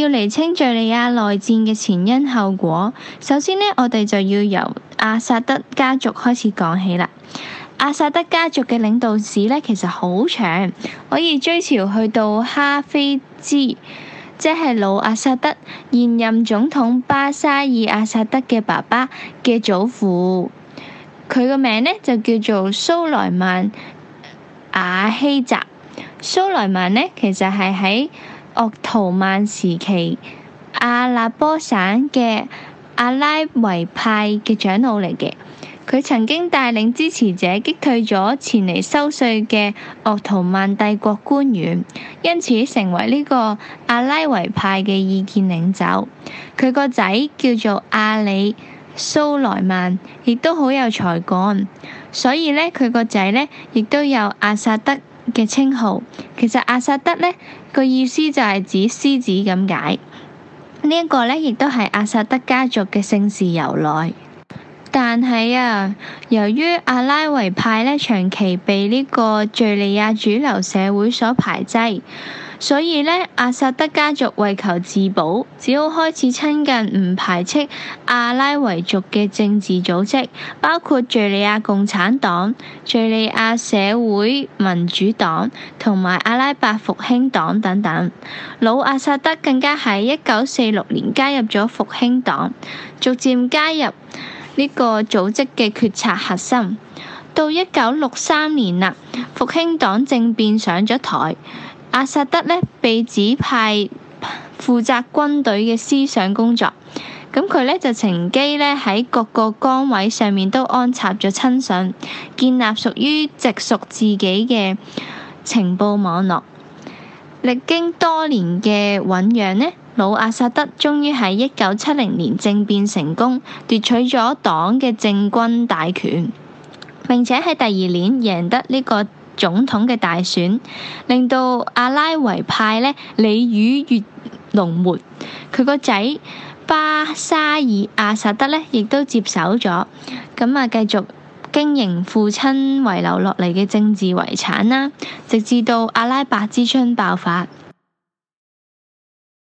要釐清敘利亞內戰嘅前因後果，首先呢，我哋就要由阿薩德家族開始講起啦。阿薩德家族嘅領導史呢，其實好長，可以追溯去到哈菲茲，即係老阿薩德，現任總統巴沙爾阿薩德嘅爸爸嘅祖父。佢個名呢，就叫做蘇萊曼阿希扎。蘇萊曼呢，其實係喺鄂圖曼時期，阿拉波省嘅阿拉維派嘅長老嚟嘅，佢曾經帶領支持者擊退咗前嚟收稅嘅鄂圖曼帝國官員，因此成為呢個阿拉維派嘅意見領袖。佢個仔叫做阿里蘇萊曼，亦都好有才幹，所以呢，佢個仔呢，亦都有阿薩德。嘅稱號，其實阿薩德呢個意思就係指獅子咁解，這個、呢一個呢亦都係阿薩德家族嘅姓氏由來。但係啊，由於阿拉維派呢長期被呢個敍利亞主流社會所排擠，所以呢，阿薩德家族為求自保，只好開始親近唔排斥阿拉維族嘅政治組織，包括敍利亞共產黨、敍利亞社會民主黨同埋阿拉伯復興黨等等。老阿薩德更加喺一九四六年加入咗復興黨，逐漸加入呢個組織嘅決策核心，到一九六三年啦，復興黨政變上咗台，阿薩德呢被指派負責軍隊嘅思想工作，咁佢呢就乘機呢喺各個崗位上面都安插咗親信，建立屬於直屬自己嘅情報網絡，歷經多年嘅醞釀呢。老阿薩德終於喺一九七零年政變成功，奪取咗黨嘅政軍大權，並且喺第二年贏得呢個總統嘅大選，令到阿拉維派呢鯉魚躍龍門。佢個仔巴沙爾阿薩德呢亦都接手咗，咁啊繼續經營父親遺留落嚟嘅政治遺產啦，直至到阿拉伯之春爆發。